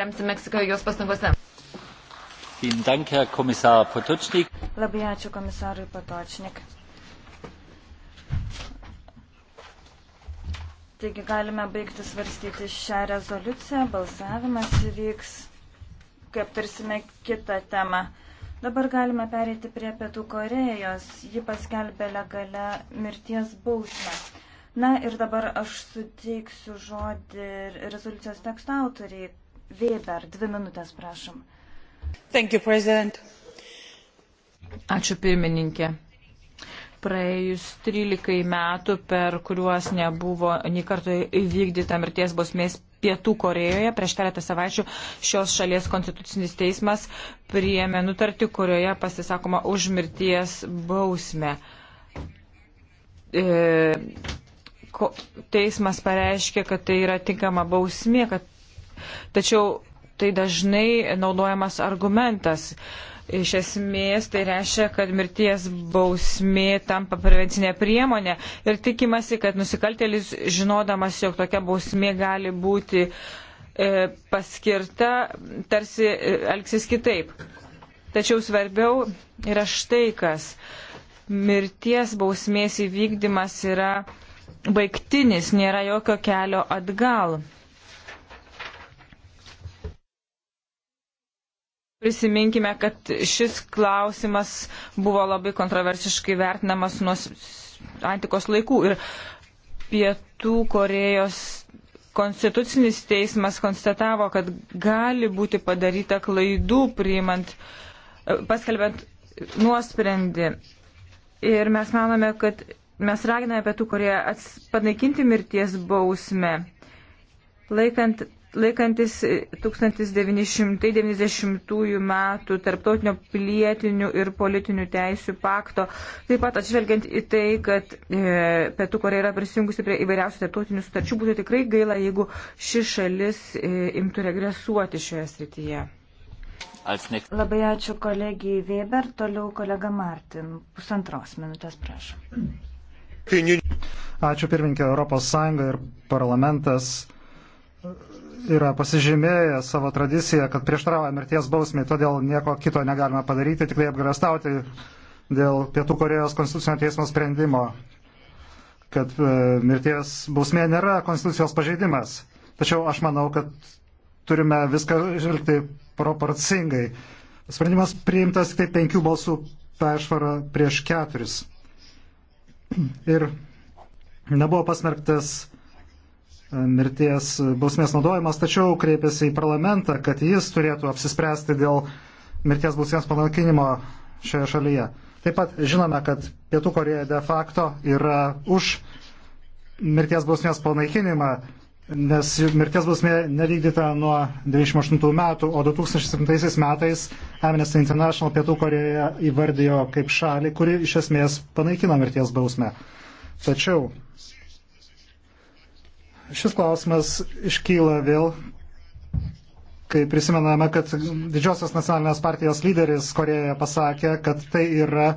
remti Meksiką jos pastangose. Labai ačiū komisarui Patočnik. Taigi galime baigti svarstyti šią rezoliuciją. Balsavimas įvyks, kai aptarsime kitą temą. Dabar galime pereiti prie Pietų Korejos. Ji paskelbė legalę mirties bausmę. Na ir dabar aš suteiksiu žodį rezoliucijos teksto autoriai, Weber, dvi minutės prašom. Thank you, President. Ačiū pirmininkė. Praėjus 13 metų, per kuriuos nebuvo nei kartų įvykdyta mirties bausmės Pietų Korejoje, prieš keletą savaičių šios šalies konstitucinis teismas priėmė nutartį, kurioje pasisakoma už mirties bausmę. E, teismas pareiškė, kad tai yra tinkama bausmė, kad Tačiau tai dažnai naudojamas argumentas. Iš esmės tai reiškia, kad mirties bausmė tampa prevencinė priemonė ir tikimasi, kad nusikaltėlis, žinodamas, jog tokia bausmė gali būti e, paskirta, tarsi e, elgsis kitaip. Tačiau svarbiau yra štai kas. Mirties bausmės įvykdymas yra baigtinis, nėra jokio kelio atgal Prisiminkime, kad šis klausimas buvo labai kontroversiškai vertinamas nuo antikos laikų ir pietų Korejos konstitucinis teismas konstatavo, kad gali būti padaryta klaidų priimant, e, paskelbent nuosprendį. Ir mes manome, kad mes raginame pietų Koreją panaikinti mirties bausmę, laikant Laikantis 1990 metų tarptautinio pilietinių ir politinių teisių pakto, taip pat atžvelgiant į tai, kad e, Pietų Koreja yra prisijungusi prie įvairiausių tarptautinių sutarčių, būtų tikrai gaila, jeigu ši šalis e, imtų regresuoti šioje srityje. Labai ačiū kolegijai Weber, toliau kolega Martin. Pusantros minutės, prašom. Ačiū pirmininkė Europos Sąjunga ir parlamentas yra pasižymėję savo tradiciją, kad prieštarauja mirties bausmiai, todėl nieko kito negalima padaryti, tik tai apgrastauti dėl Pietų Korejos konstitucinio teismo sprendimo, kad e, mirties bausmė nėra konstitucijos pažeidimas. Tačiau aš manau, kad turime viską žvelgti proporcingai. Sprendimas priimtas tik tai penkių balsų peršvara prieš keturis. Ir nebuvo pasmerktas mirties bausmės naudojimas, tačiau kreipėsi į parlamentą, kad jis turėtų apsispręsti dėl mirties bausmės panaikinimo šioje šalyje. Taip pat žinome, kad Pietų Koreja de facto yra už mirties bausmės panaikinimą, nes mirties bausmė nevykdyta nuo 1998 metų, o 2007 metais Amnesty International Pietų Koreja įvardijo kaip šalį, kuri iš esmės panaikino mirties bausmę. Tačiau Šis klausimas iškyla vėl, kai prisimename, kad didžiosios nacionalinės partijos lyderis Korejoje pasakė, kad tai yra,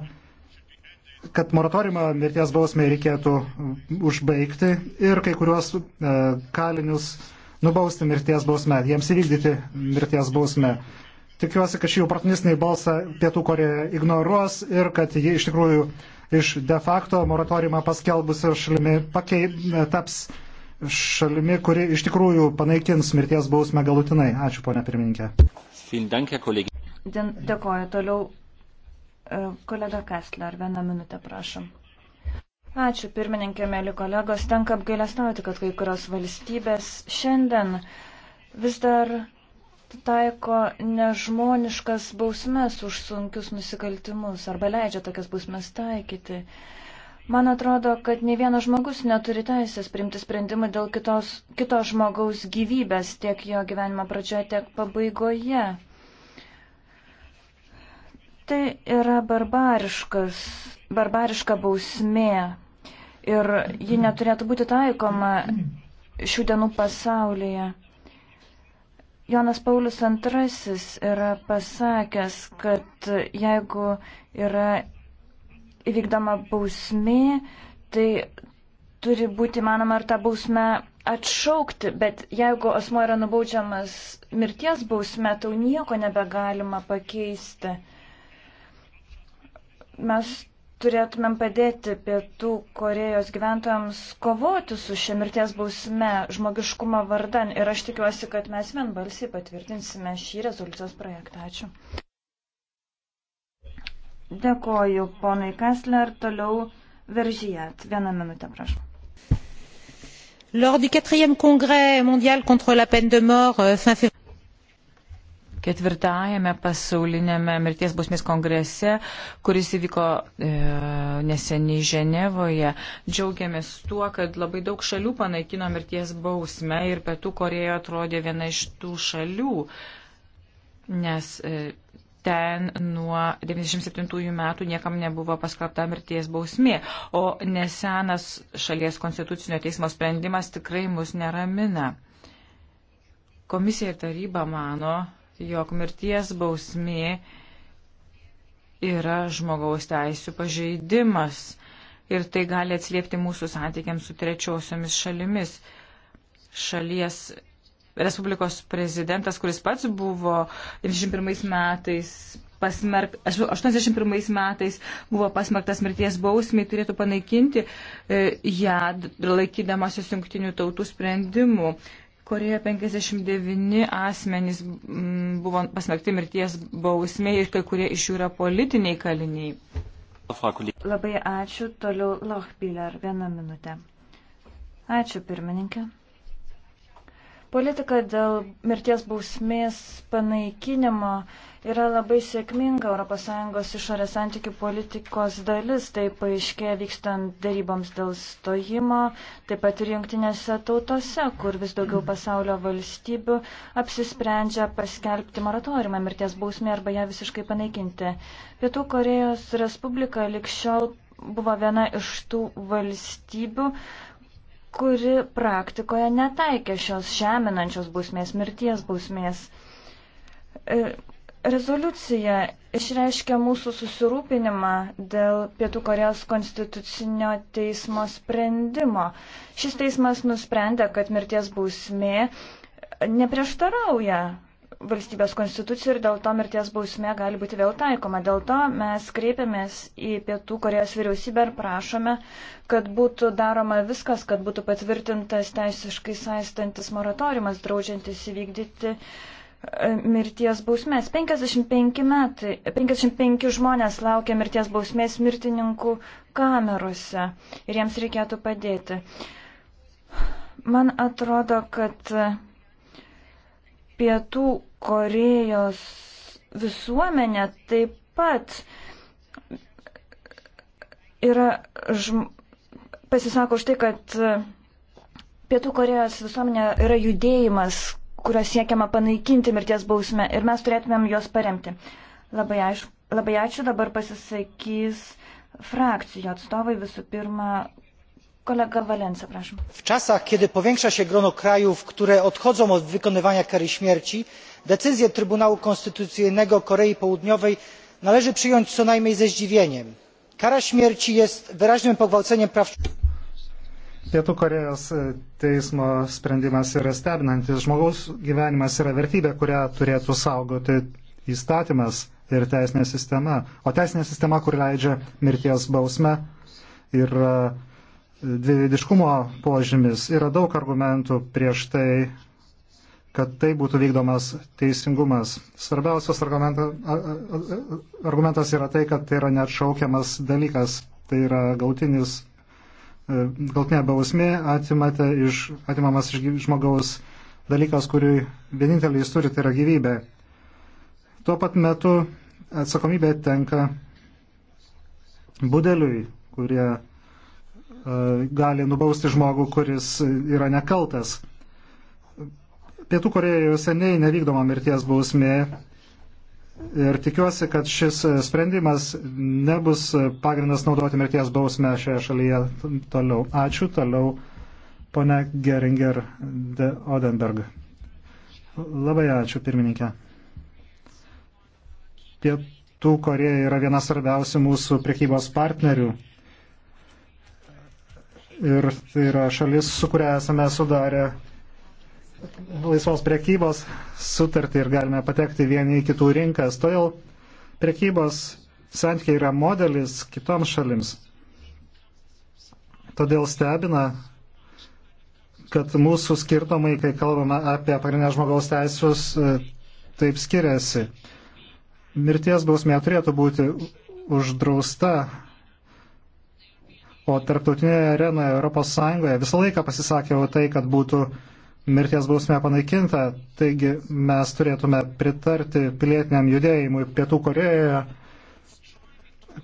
kad moratoriumą mirties bausmė reikėtų užbaigti ir kai kuriuos e, kalinius nubausti mirties bausmę, jiems įvykdyti mirties bausmę. Tikiuosi, kad šį oportunistinį balsą Pietų Koreja ignoruos ir kad jie iš tikrųjų iš de facto moratoriumą paskelbusio šalimi pakei, e, taps šalimi, kuri iš tikrųjų panaikins mirties bausmę galutinai. Ačiū, ponia pirmininkė. Dėkoju. Toliau e, kolega Kastler, vieną minutę prašom. Ačiū, pirmininkė, mėly kolegos. Tenka apgailestauti, kad kai kurios valstybės šiandien vis dar taiko nežmoniškas bausmes už sunkius nusikaltimus arba leidžia tokias bausmes taikyti. Uh, Man atrodo, kad ne vienas žmogus neturi teisės priimti sprendimą dėl kitos, kito žmogaus gyvybės tiek jo gyvenimo pradžioje, tiek pabaigoje. Tai yra barbariškas, barbariška bausmė ir ji neturėtų būti taikoma šių dienų pasaulyje. Jonas Paulius II yra pasakęs, kad jeigu yra įvykdoma bausmė, tai turi būti manoma ir tą bausmę atšaukti, bet jeigu asmo yra nubaudžiamas mirties bausme, tau nieko nebegalima pakeisti. Mes turėtumėm padėti pietų Korejos gyventojams kovoti su šia mirties bausme žmogiškumo vardan ir aš tikiuosi, kad mes vienbalsiai patvirtinsime šį rezoliucijos projektą. Ačiū. Dėkoju, ponai Kessler. Toliau veržyjat. Vieną minutę, prašau. Lors du 4e congrès mondial contre la peine de mort euh, fin février. Ketvirtajame pasaulinėme mirties bausmės kongrese, kuris įvyko e, neseniai Ženevoje, džiaugiamės tuo, kad labai daug šalių panaikino mirties bausmę ir Pietų Koreja atrodė viena iš tų šalių, nes e, ten nuo 97 metų niekam nebuvo paskelbta mirties bausmė, o nesenas šalies konstitucinio teismo sprendimas tikrai mus neramina. Komisija ir taryba mano, jog mirties bausmė yra žmogaus teisų pažeidimas ir tai gali atsliepti mūsų santykiams su trečiosiomis šalimis. Šalies Respublikos prezidentas, kuris pats buvo 91 metais pasmerk, 81 metais buvo pasmerktas mirties bausmiai, turėtų panaikinti e, ją laikydamasis jungtinių tautų sprendimų. Korejoje 59 asmenys buvo pasmerkti mirties bausmiai ir kai kurie iš jų yra politiniai kaliniai. Labai ačiū. Toliau Lochbiller. Vieną minutę. Ačiū pirmininkė. Politika dėl mirties bausmės panaikinimo yra labai sėkminga ES išorės santykių politikos dalis, tai paaiškėja vykstant daryboms dėl stojimo, taip pat ir jungtinėse tautose, kur vis daugiau pasaulio valstybių apsisprendžia paskelbti moratoriumą mirties bausmė arba ją visiškai panaikinti. Pietų Korejos Respublika likščiol buvo viena iš tų valstybių, kuri praktikoje netaikė šios žeminančios bausmės, mirties bausmės. E, rezoliucija išreiškia mūsų susirūpinimą dėl Pietų Korejos konstitucinio teismo sprendimo. Šis teismas nusprendė, kad mirties bausmė neprieštarauja valstybės konstitucijų ir dėl to mirties bausmė gali būti vėl taikoma. Dėl to mes kreipiamės į Pietų Korejos vyriausybę ir prašome, kad būtų daroma viskas, kad būtų patvirtintas teisiškai saistantis moratoriumas, draudžiantis įvykdyti e, mirties bausmės. 55, metai, 55 žmonės laukia mirties bausmės mirtininkų kamerose ir jiems reikėtų padėti. Man atrodo, kad Pietų Korejos visuomenė taip pat yra žm... pasisako už tai, kad Pietų Korejos visuomenė yra judėjimas, kurio siekiama panaikinti mirties bausmę ir mes turėtumėm juos paremti. Labai, aiš... Labai ačiū, dabar pasisakys frakcijų atstovai visų pirma w czasach kiedy powiększa się grono krajów które odchodzą od wykonywania kary śmierci decyzję trybunału konstytucyjnego korei południowej należy przyjąć co najmniej ze zdziwieniem. kara śmierci jest wyraźnym pogwałceniem praw Pietų Korejos e, teismo sprendimas yra stebinantis. Žmogaus gyvenimas yra vertybė, kurią turėtų saugoti įstatymas ir teisinė sistema. O teisinė sistema, kur leidžia mirties bausmę, yra dviveidiškumo požymis. Yra daug argumentų prieš tai, kad tai būtų vykdomas teisingumas. Svarbiausias argumentas, argumentas yra tai, kad tai yra neatšaukiamas dalykas. Tai yra gautinis, e, gautinė bausmė iš, atimamas iš žmogaus dalykas, kurį vienintelį jis turi, tai yra gyvybė. Tuo pat metu atsakomybė tenka budeliui, kurie gali nubausti žmogų, kuris yra nekaltas. Pietų Korejoje jau seniai nevykdoma mirties bausmė ir tikiuosi, kad šis sprendimas nebus pagrindas naudoti mirties bausmę šioje šalyje toliau. Ačiū, toliau ponia Geringer de Odenberg. Labai ačiū, pirmininkė. Pietų Koreja yra viena svarbiausių mūsų prekybos partnerių ir tai yra šalis, su kuria esame sudarę laisvos priekybos sutartį ir galime patekti vieni į kitų rinkas. Todėl priekybos santykiai yra modelis kitoms šalims. Todėl stebina, kad mūsų skirtumai, kai kalbame apie pagrindinę žmogaus teisės, taip skiriasi. Mirties bausmė turėtų būti uždrausta O tarptautinėje arenoje ES visą laiką pasisakiau tai, kad būtų mirties bausmė panaikinta, taigi mes turėtume pritarti pilietiniam judėjimui Pietų Korejoje,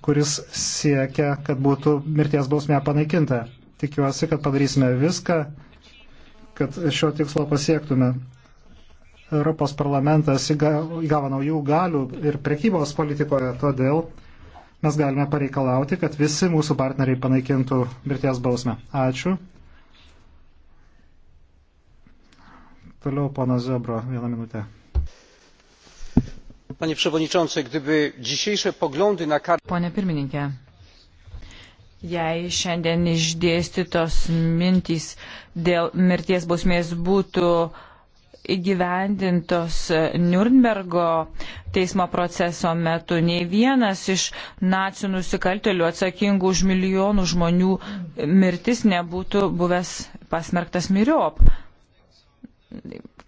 kuris siekia, kad būtų mirties bausmė panaikinta. Tikiuosi, kad padarysime viską, kad šio tikslo pasiektume. Europos parlamentas įgavo naujų galių ir prekybos politikoje, todėl mes galime pareikalauti, kad visi mūsų partneriai panaikintų mirties bausmę. Ačiū. Toliau ponas Zebro, vieną minutę. Panie przewodniczący, gdyby dzisiejsze poglądy na kartę. Panie pirmininkė, jei šiandien išdėstytos mintys dėl mirties bausmės būtų įgyvendintos Nürnbergo teismo proceso metu. Nei vienas iš nacijų nusikaltelių atsakingų už milijonų žmonių mirtis nebūtų buvęs pasmerktas miriop.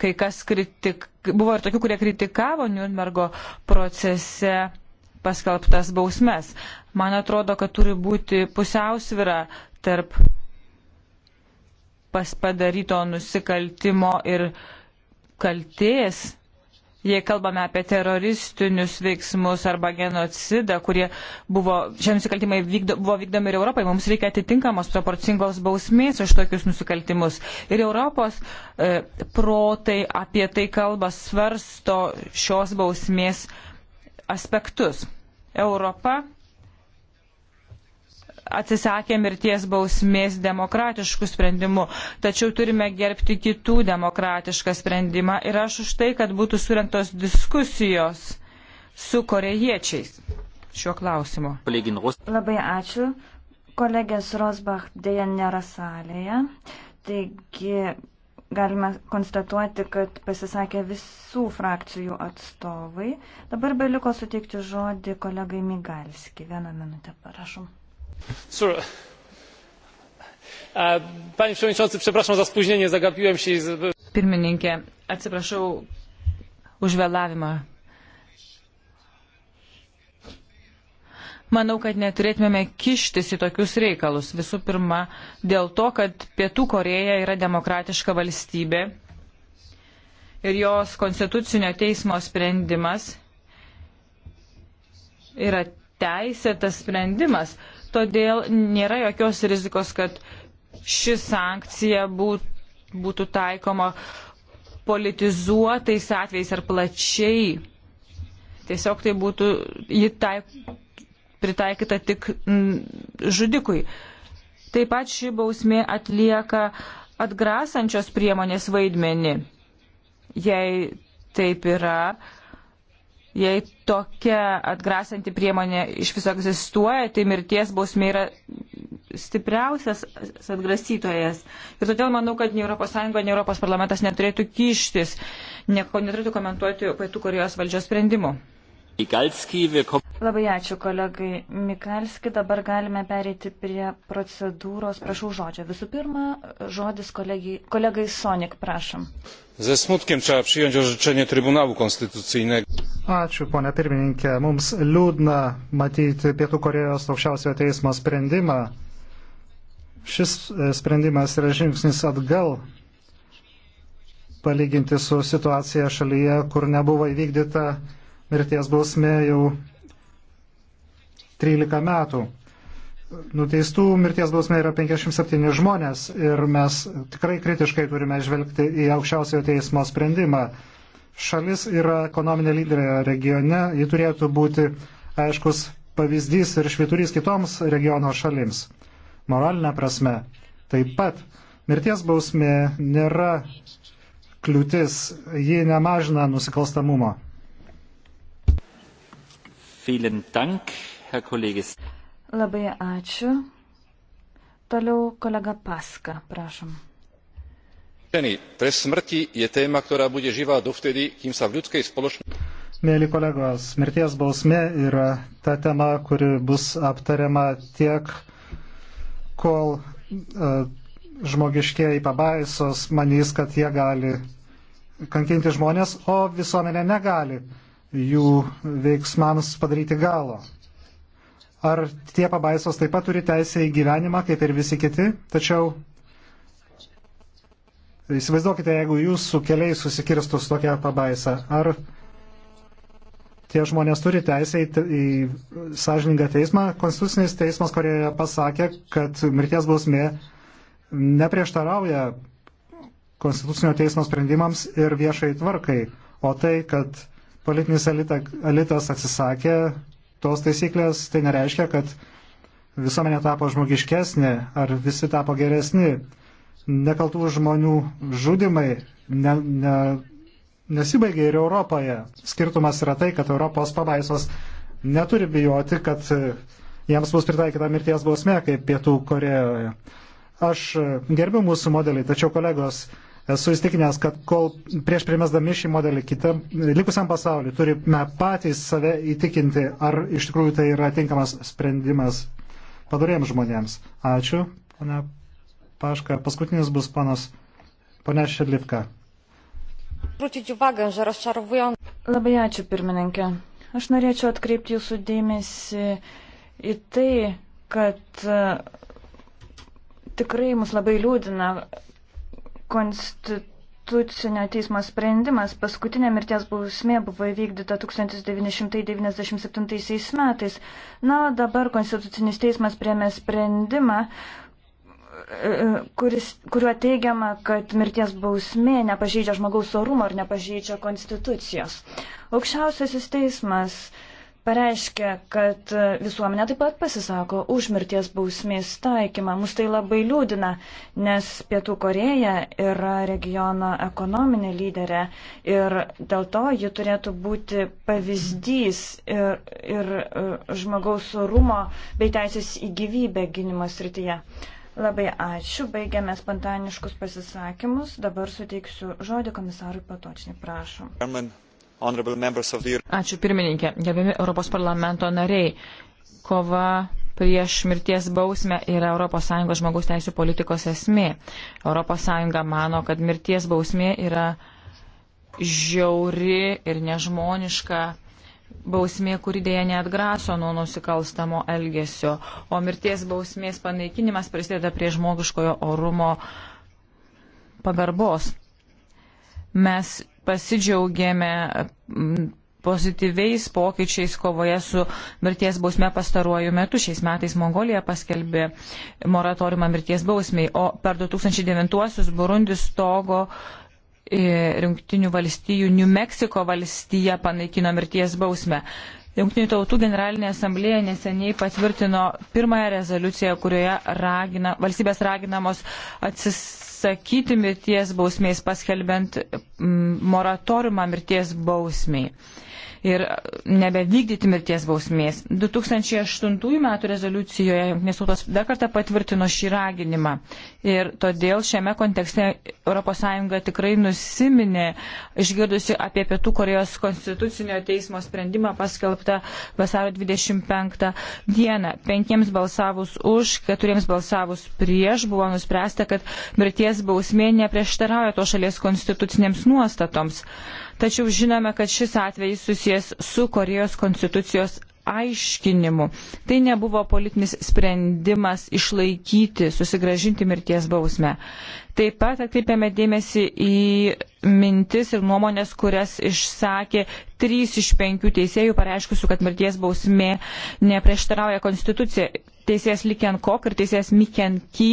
Kai kas kritik, buvo ir tokių, kurie kritikavo Nürnbergo procese paskelbtas bausmes. Man atrodo, kad turi būti pusiausvira tarp padaryto nusikaltimo ir kalties jei kalbame apie teroristinius veiksmus arba genocidą, kurie buvo, šie nusikaltimai vykdo, buvo vykdomi ir Europai, mums reikia atitinkamos proporcingos bausmės už tokius nusikaltimus. Ir Europos e, protai apie tai kalba, svarsto šios bausmės aspektus. Europa atsisakė mirties bausmės demokratiškų sprendimų, tačiau turime gerbti kitų demokratišką sprendimą ir aš už tai, kad būtų surinktos diskusijos su korejiečiais šiuo klausimu. Labai ačiū. Kolegės Rosbach dėja nėra salėje, taigi galime konstatuoti, kad pasisakė visų frakcijų atstovai. Dabar beliko suteikti žodį kolegai Migalski. Vieną minutę, prašom. Panie Przewodniczący, przepraszam za spóźnienie, zagapiłem się. Pirmininkė, atsiprašau už vėlavimą. Manau, kad neturėtumėme kištis į tokius reikalus. Visų pirma, dėl to, kad Pietų Koreja yra demokratiška valstybė ir jos konstitucinio teismo sprendimas yra teisėtas sprendimas todėl nėra jokios rizikos, kad ši sankcija būtų, būtų taikoma politizuotais atvejais ar plačiai. Tiesiog tai būtų, ji taik, pritaikyta tik žudikui. Taip pat ši bausmė atlieka atgrasančios priemonės vaidmenį. Jei taip yra, Jei tokia atgrasanti priemonė iš viso egzistuoja, tai mirties bausmė yra stipriausias atgrasytojas. Ir todėl manau, kad nei ES, nei ES parlamentas neturėtų kištis, nieko neturėtų komentuoti Pietų Korejos valdžios sprendimų. Labai ačiū kolegai Mikalski. Dabar galime pereiti prie procedūros. Prašau žodžio. Visų pirma, žodis kolegai, kolegai Sonik, prašom. Ze smutkiem trzeba przyjąć orzeczenie Trybunału Konstytucyjnego. Ačiū, ponė pirmininkė. Mums liūdna matyti Pietų Korejos aukščiausiojo teismo sprendimą. Šis e, sprendimas yra žingsnis atgal palyginti su situacija šalyje, kur nebuvo įvykdyta mirties bausmė jau 13 metų. Nuteistų mirties bausmė yra 57 žmonės ir mes tikrai kritiškai turime žvelgti į aukščiausiojo teismo sprendimą šalis yra ekonominė lyderė regione, ji turėtų būti aiškus pavyzdys ir šviturys kitoms regiono šalims. Moralinė prasme. Taip pat mirties bausmė nėra kliūtis, ji nemažina nusikalstamumo. Dank, Labai ačiū. Toliau kolega Paska, prašom ženy trest smrti je téma ktorá bude živá dovtedy kým sa v ľudskej spoločnosti. Mėly kolegos, mirties bausmė yra ta tema, kuri bus aptariama tiek, kol uh, žmogiškieji pabaisos manys, kad jie gali kankinti žmonės, o visuomenė negali jų veiksmams padaryti galo. Ar tie pabaisos taip pat turi teisę į gyvenimą, kaip ir visi kiti, tačiau Įsivaizduokite, jeigu jūsų keliai susikirstų su tokia pabaisa, ar tie žmonės turi teisę į, į sąžiningą teismą. Konstitucinis teismas Korejoje pasakė, kad mirties bausmė neprieštarauja konstitucinio teismo sprendimams ir viešai tvarkai, o tai, kad politinis elita, elitas atsisakė tos taisyklės, tai nereiškia, kad visuomenė tapo žmogiškesnė ar visi tapo geresni nekaltų žmonių žudimai ne, ne, nesibaigia ir Europoje. Skirtumas yra tai, kad Europos pabaisos neturi bijoti, kad e, jiems bus pritaikyta mirties bausmė, kaip Pietų Korejoje. Aš e, gerbiu mūsų modelį, tačiau kolegos, esu įstikinęs, kad kol prieš primesdami šį modelį kitam, e, likusiam pasauliu turime patys save įtikinti, ar iš tikrųjų tai yra tinkamas sprendimas padarėjams žmonėms. Ačiū, ponia Paška. Paskutinis bus panas, ponia Šerlivka. Labai ačiū, pirmininkė. Aš norėčiau atkreipti jūsų dėmesį į tai, kad e, tikrai mus labai liūdina konstitucinio teismo sprendimas. Paskutinė mirties bausmė buvo įvykdyta 1997 metais. Na, dabar konstitucinis teismas priemė sprendimą, kuris, kuriuo teigiama, kad mirties bausmė nepažeidžia žmogaus orumo ir nepažeidžia konstitucijos. Aukščiausiasis teismas pareiškia, kad visuomenė taip pat pasisako už mirties bausmės taikymą. Mus tai labai liūdina, nes Pietų Koreja yra regiono ekonominė lyderė ir dėl to ji turėtų būti pavyzdys ir, ir e, žmogaus orumo bei teisės į gyvybę gynimo srityje. Uh, Labai ačiū. Baigiame spontaniškus pasisakymus. Dabar suteiksiu žodį komisarui Patočnį. Prašom. Ačiū pirmininkė. Gerbimi Europos parlamento nariai. Kova prieš mirties bausmę yra ES žmogaus teisų politikos esmė. ES mano, kad mirties bausmė yra žiauri ir nežmoniška bausmė, kuri dėja neatgraso nuo nusikalstamo elgesio, o mirties bausmės panaikinimas prisideda prie žmogiškojo orumo pagarbos. Mes pasidžiaugėme pozityviais pokyčiais kovoje su mirties bausme pastaruoju metu. Šiais metais Mongolija paskelbė moratoriumą mirties bausmiai, o per 2009-uosius Burundis togo Junktinių e, valstijų, New Mexico valstija panaikino mirties bausmę. Junktinių tautų generalinė asamblėja neseniai patvirtino pirmąją rezoliuciją, kurioje ragina, valstybės raginamos atsisakyti mirties bausmės, paskelbent moratoriumą mirties bausmiai ir nebevykdyti mirties bausmės. 2008 metų rezoliucijoje Junktinės tautos dar kartą patvirtino šį raginimą. Ir todėl šiame kontekste ES tikrai nusiminė, išgirdusi apie Pietų Korejos konstitucinio teismo sprendimą paskelbtą vasario 25 dieną. Penkiems balsavus už, keturiems balsavus prieš buvo nuspręsta, kad mirties bausmė neprieštarauja to šalies konstitucinėms nuostatoms tačiau žinome, kad šis atvejis susijęs su Korejos konstitucijos aiškinimu. Tai nebuvo politinis sprendimas išlaikyti, susigražinti mirties bausmę. Taip pat atkreipėme dėmesį į mintis ir nuomonės, kurias išsakė trys iš penkių teisėjų, pareiškusių, kad mirties bausmė neprieštarauja konstitucijai. Teisėjas Liken Kok ir teisėjas Miken Ky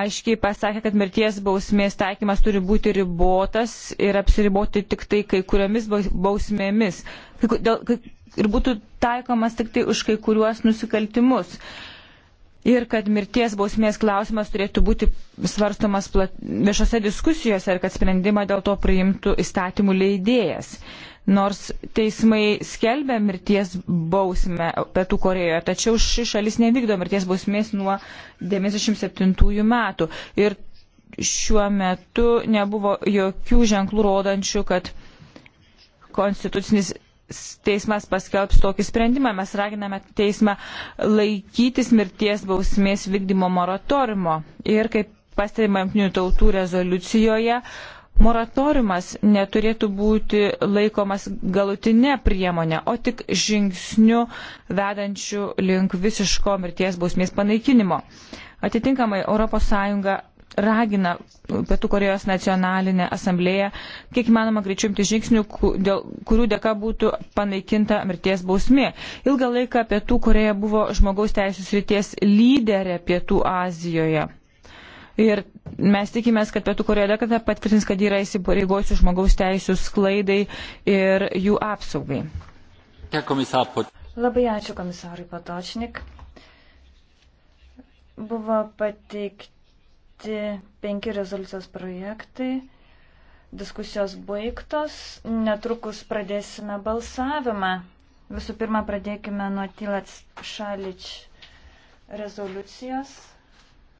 aiškiai pasakė, kad mirties bausmės taikymas turi būti ribotas ir apsiriboti tik tai kai kuriomis bausmėmis. Ir būtų taikomas tik tai už kai kuriuos nusikaltimus. Uh, ir kad mirties bausmės klausimas turėtų būti svarstomas plat... viešose diskusijose ir kad sprendimą dėl to priimtų įstatymų leidėjas. Nors teismai skelbia mirties bausmę Pietų Korejoje, tačiau ši šalis nevykdo mirties bausmės nuo 1997 metų. Ir šiuo metu nebuvo jokių ženklų rodančių, kad konstitucinis teismas paskelbs tokį sprendimą. Mes raginame teismą laikytis mirties bausmės vykdymo moratorimo. Ir kaip pastebima jungtinių tautų rezoliucijoje, moratoriumas neturėtų būti laikomas galutinė priemonė, o tik žingsniu vedančiu link visiško mirties bausmės panaikinimo. Atitinkamai ES ragina Pietų Korejos nacionalinę asamblėją, kiek įmanoma greičiau imti žingsnių, dėl kurių dėka būtų panaikinta mirties bausmė. Ilgą laiką Pietų Koreja buvo žmogaus teisų srities lyderė Pietų Azijoje. Ir mes tikimės, kad Pietų Koreja dar kartą patvirtins, kad yra įsipareigojusi žmogaus teisų sklaidai ir jų apsaugai. Labai ačiū komisarui Patočnik. Buvo pateikti pateikti penki rezoliucijos projektai. Diskusijos baigtos. Netrukus pradėsime balsavimą. Visų pirma, pradėkime nuo Tilats Šalič rezoliucijos.